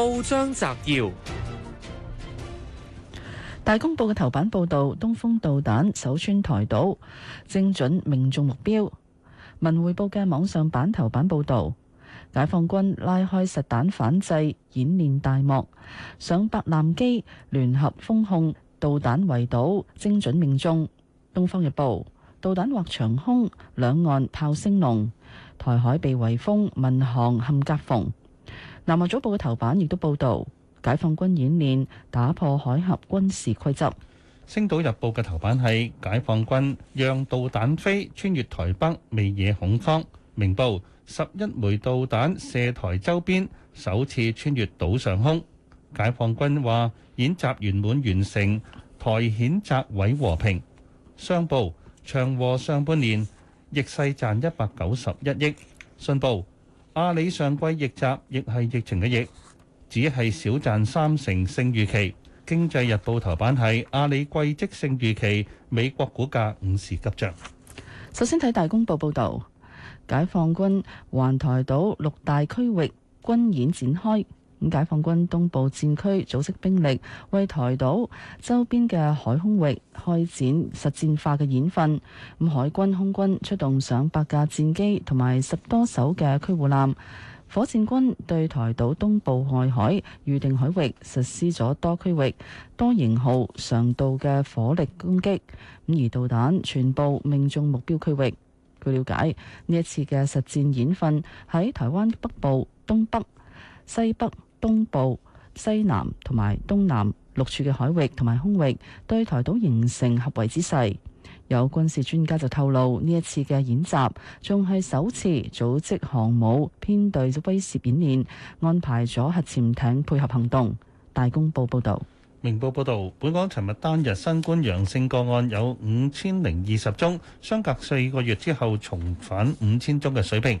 報章摘要：大公報嘅頭版報道，東風導彈首穿台島，精準命中目標。文匯報嘅網上版頭版報道，解放軍拉開實彈反制演練大幕，上百艦機聯合封控，導彈圍島，精準命中。東方日報，導彈劃長空，兩岸炮聲隆，台海被圍封，民航陷夾縫。南華早報嘅頭版亦都報道解放軍演練打破海峽軍事規則。星島日報嘅頭版係解放軍讓導彈飛穿越台北未惹恐慌。明報十一枚導彈射台周邊首次穿越島上空。解放軍話演習圓滿完成台險擇位和平。商報長和上半年逆勢賺一百九十一億。信報。阿里上季逆襲，亦係疫情嘅逆，只係少賺三成，勝預期。經濟日報頭版係阿里季績勝預期，美國股價五時急漲。首先睇大公報報導，解放軍環台島六大區域軍演展開。咁，解放軍東部戰區組織兵力，為台島周邊嘅海空域開展實戰化嘅演訓，海軍空軍出動上百架戰機同埋十多艘嘅驅護艦，火箭軍對台島東部外海預定海域實施咗多區域、多型號常導嘅火力攻擊，咁而導彈全部命中目標區域。據了解，呢一次嘅實戰演訓喺台灣北部、東北、西北。東部、西南同埋東南六處嘅海域同埋空域，對台島形成合圍之勢。有軍事專家就透露，呢一次嘅演習仲係首次組織航母編隊做威懾演練，安排咗核潛艇配合行動。大公報報道。明報報道，本港尋日單日新冠陽性個案有五千零二十宗，相隔四個月之後重返五千宗嘅水平。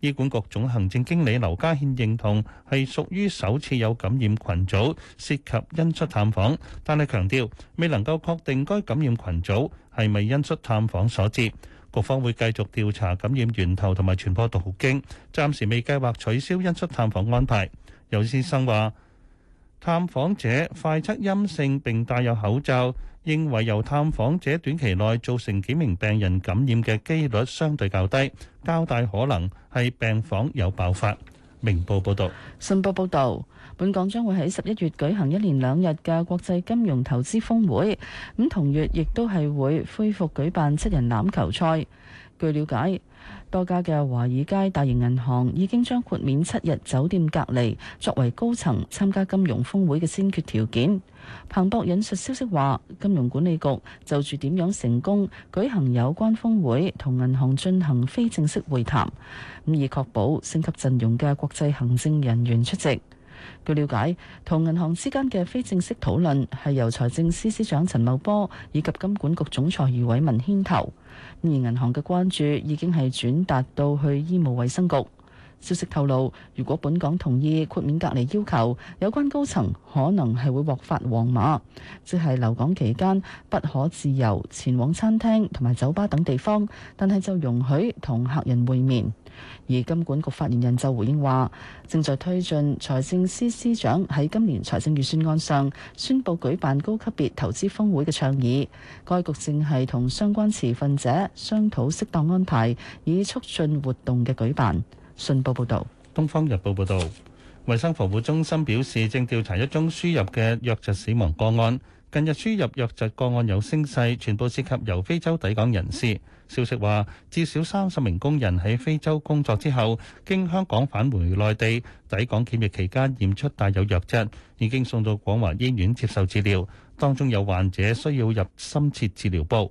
醫管局總行政經理劉家憲認同係屬於首次有感染群組涉及恩恤探訪，但係強調未能夠確定該感染群組係咪恩恤探訪所致。局方會繼續調查感染源頭同埋傳播途徑，暫時未計劃取消恩恤探訪安排。有先生話，探訪者快測陰性，並戴有口罩。認為由探訪者短期內造成幾名病人感染嘅機率相對較低，較大可能係病房有爆發。明報報導，信報報導，本港將會喺十一月舉行一連兩日嘅國際金融投資峰會，咁同月亦都係會恢復舉辦七人欖球賽。據了解，多家嘅華爾街大型銀行已經將豁免七日酒店隔離作為高層參加金融峰會嘅先決條件。彭博引述消息話，金融管理局就住點樣成功舉行有關峰會同銀行進行非正式會談，以確保升級陣容嘅國際行政人員出席。據了解，同銀行之間嘅非正式討論係由財政司司長陳茂波以及金管局總裁余偉文牽頭，而銀行嘅關注已經係轉達到去醫務衛生局。消息透露，如果本港同意豁免隔離要求，有關高層可能係會獲發黃碼，即係留港期間不可自由前往餐廳同埋酒吧等地方，但係就容許同客人會面。而金管局發言人就回應話正在推進財政司司長喺今年財政預算案上宣佈舉辦高級別投資峰會嘅倡議，該局正係同相關持份者商討適，適當安排，以促進活動嘅舉辦。信報報導，《東方日報》報導，衞生防護中心表示，正調查一宗輸入嘅瘧疾死亡個案。近日輸入瘧疾個案有升勢，全部涉及由非洲抵港人士。消息話，至少三十名工人喺非洲工作之後，經香港返回內地，抵港檢疫期間驗出帶有瘧疾，已經送到廣華醫院接受治療，當中有患者需要入深切治療部。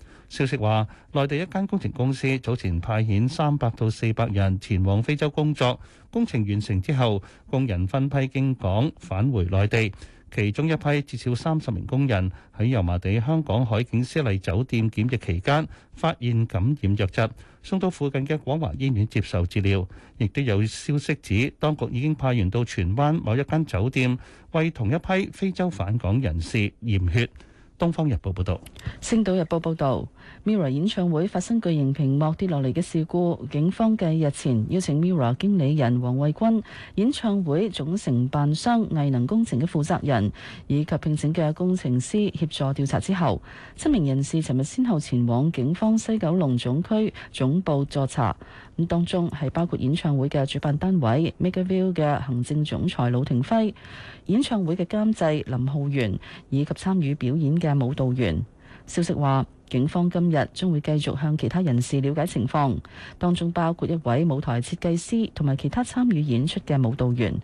消息話，內地一間工程公司早前派遣三百到四百人前往非洲工作，工程完成之後，工人分批經港返回內地。其中一批至少三十名工人喺油麻地香港海景絲麗酒店檢疫期間，發現感染瘧疾，送到附近嘅廣華醫院接受治療。亦都有消息指，當局已經派員到荃灣某一間酒店，為同一批非洲返港人士驗血。東方日報報道，星島日報報道，Mira 演唱會發生巨型屏幕跌落嚟嘅事故。警方繼日前邀請 Mira 經理人黃慧君、演唱會總承辦商藝能工程嘅負責人以及聘請嘅工程師協助調查之後，七名人士尋日先後前往警方西九龍總區總部助查。咁當中係包括演唱會嘅主辦單位 Megaview 嘅行政總裁魯庭輝，演唱會嘅監製林浩源以及參與表演嘅。舞蹈員。消息話，警方今日將會繼續向其他人士了解情況，當中包括一位舞台設計師同埋其他參與演出嘅舞蹈員。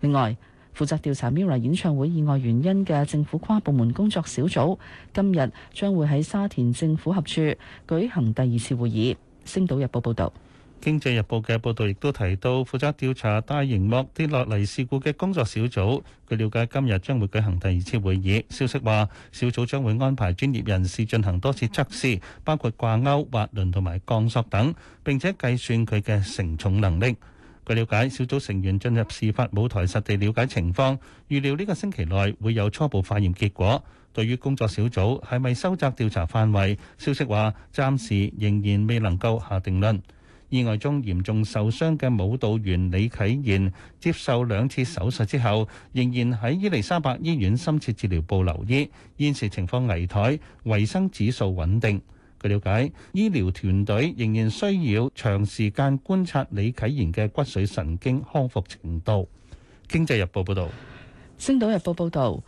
另外，負責調查 MIRROR 演唱會意外原因嘅政府跨部門工作小組今日將會喺沙田政府合署舉行第二次會議。星島日報報道。《經濟日報》嘅報道亦都提到，負責調查大熒幕跌落嚟事故嘅工作小組，據瞭解今日將會舉行第二次會議。消息話，小組將會安排專業人士進行多次測試，包括掛勾、滑輪同埋鋼索等，並且計算佢嘅承重能力。據瞭解，小組成員進入事發舞台實地瞭解情況，預料呢個星期內會有初步化驗結果。對於工作小組係咪收窄調查範圍，消息話暫時仍然未能夠下定論。意外中嚴重受傷嘅舞蹈員李啟賢接受兩次手術之後，仍然喺伊利沙伯醫院深切治療部留醫，現時情況危殆，維生指數穩定。據了解，醫療團隊仍然需要長時間觀察李啟賢嘅骨髓神經康復程度。經濟日報報道。星島日報報導。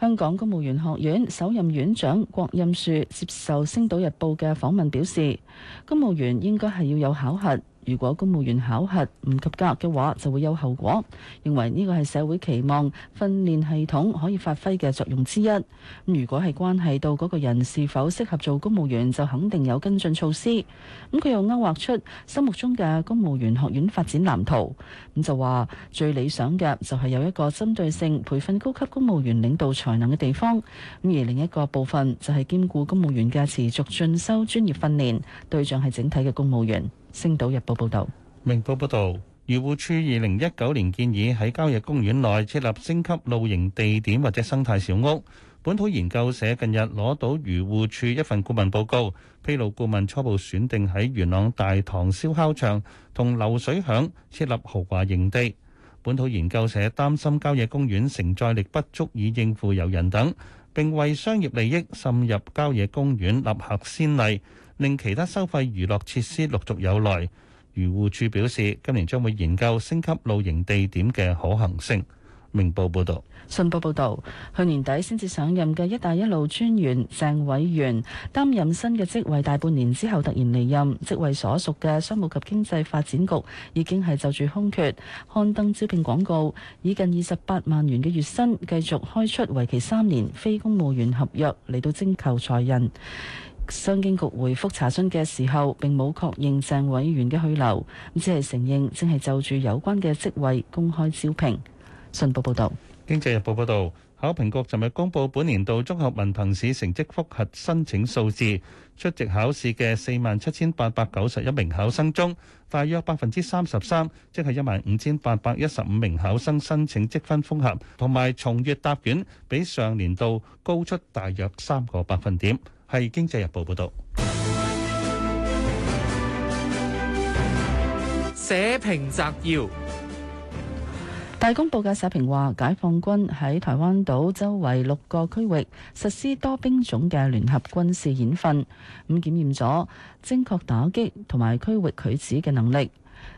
香港公務員學院首任院長郭蔭庶接受《星島日報》嘅訪問表示，公務員應該係要有考核，如果公務員考核唔及格嘅話，就會有後果。認為呢個係社會期望訓練系統可以發揮嘅作用之一。咁如果係關係到嗰個人是否適合做公務員，就肯定有跟進措施。咁佢又勾畫出心目中嘅公務員學院發展藍圖，咁就話最理想嘅就係有一個針對性培訓高級公務員領導才能嘅地方。咁而另一個部分就係兼顧公務員嘅持續進修專業訓練對象係整體嘅公務員。星島日報報道，明報報道，漁護署二零一九年建議喺郊野公園內設立升級露營地點或者生態小屋。本土研究社近日攞到漁護署一份顧問報告，披露顧問初步選定喺元朗大棠燒烤場同流水響設立豪華營地。本土研究社擔心郊野公園承載力不足以應付遊人等，並為商業利益滲入郊野公園立下先例。令其他收費娛樂設施陸續有來，漁護署表示，今年將會研究升級露營地點嘅可行性。明報報道，信報報道，去年底先至上任嘅一帶一路專員鄭偉元擔任新嘅職位大半年之後突然離任，職位所屬嘅商務及經濟發展局已經係就住空缺刊登招聘廣告，以近二十八萬元嘅月薪繼續開出，為期三年非公務員合約嚟到徵求才人。商經局回覆查詢嘅時候，並冇確認鄭委員嘅去留，只係承認正係就住有關嘅職位公開招聘。信報報導，《經濟日報》報導，考評局尋日公佈本年度中學文憑試成績複核申請數字，出席考試嘅四萬七千八百九十一名考生中，大約百分之三十三，即係一萬五千八百一十五名考生申請積分複核，同埋重閱答卷，比上年度高出大約三個百分點。係《經濟日報》報道，社評摘要：大公報嘅社評話，解放軍喺台灣島周圍六個區域實施多兵種嘅聯合軍事演訓，咁檢驗咗精確打擊同埋區域拒止嘅能力，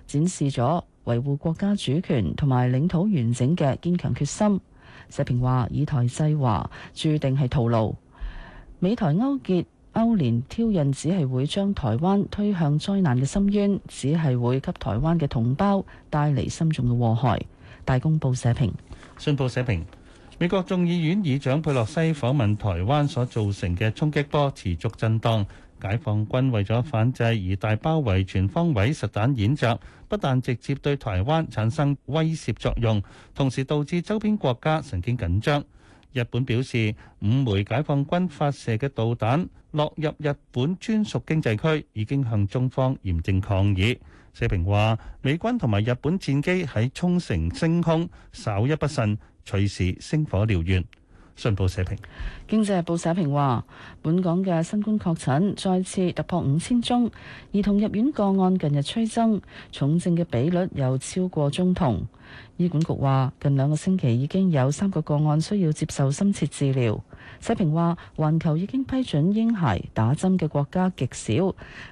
展示咗維護國家主權同埋領土完整嘅堅強決心。社評話，以台制華注定係徒勞。美台勾結、勾連挑釁，只係會將台灣推向災難嘅深淵，只係會給台灣嘅同胞帶嚟深重嘅禍害。大公報社評。信報社評，美國眾議院議長佩洛西訪問台灣所造成嘅衝擊波持續震盪，解放軍為咗反制而大包圍、全方位實彈演習，不但直接對台灣產生威懾作用，同時導致周邊國家神經緊張。日本表示，五枚解放軍發射嘅導彈落入日本專屬經濟區，已經向中方嚴正抗議。社評話，美軍同埋日本戰機喺沖繩升空，稍一不慎，隨時星火燎原。《信報》經濟日報社評話，本港嘅新冠確診再次突破五千宗，兒童入院個案近日催增，重症嘅比率又超過中同。醫管局話，近兩個星期已經有三個個案需要接受深切治療。社評話：環球已經批准嬰孩打針嘅國家極少，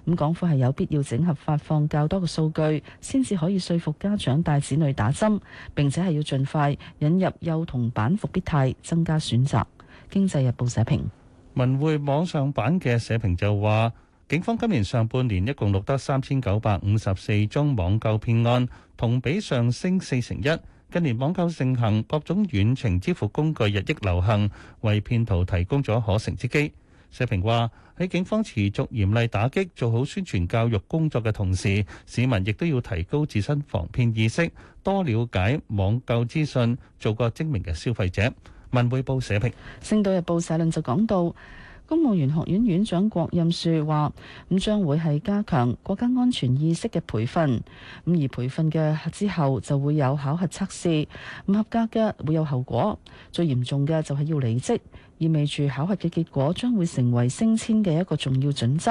咁港府係有必要整合發放較多嘅數據，先至可以說服家長帶子女打針。並且係要盡快引入幼童版復必泰，增加選擇。經濟日報社評。文匯網上版嘅社評就話，警方今年上半年一共錄得三千九百五十四宗網購騙案，同比上升四成一。近年網購盛行，各種遠程支付工具日益流行，為騙徒提供咗可乘之機。社評話：喺警方持續嚴厲打擊、做好宣傳教育工作嘅同時，市民亦都要提高自身防騙意識，多了解網購資訊，做個精明嘅消費者。《文匯報》社評，《星島日報》社論就講到：公務員學院院長郭任樹話：咁將會係加強國家安全意識嘅培訓，咁而培訓嘅之後就會有考核測試，唔合格嘅會有後果，最嚴重嘅就係要離職，意味住考核嘅結果將會成為升遷嘅一個重要準則。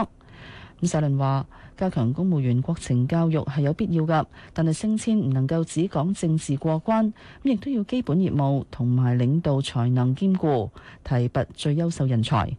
咁社論話：加強公務員國情教育係有必要㗎，但係升遷唔能夠只講政治過關，咁亦都要基本業務同埋領導才能兼顧，提拔最優秀人才。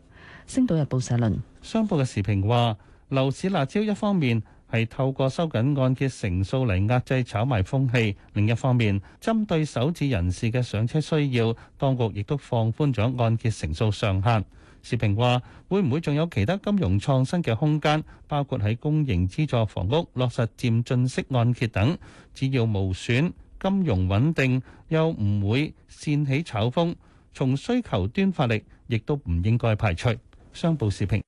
《星島日報》社論：商報嘅時評話，樓市辣招一方面係透過收緊按揭成數嚟壓制炒賣風氣；另一方面針對首置人士嘅上車需要，當局亦都放寬咗按揭成數上限。時評話，會唔會仲有其他金融創新嘅空間？包括喺公營資助房屋落實漸進式按揭等。只要無損金融穩定，又唔會煽起炒風，從需求端發力，亦都唔應該排除。商報視頻。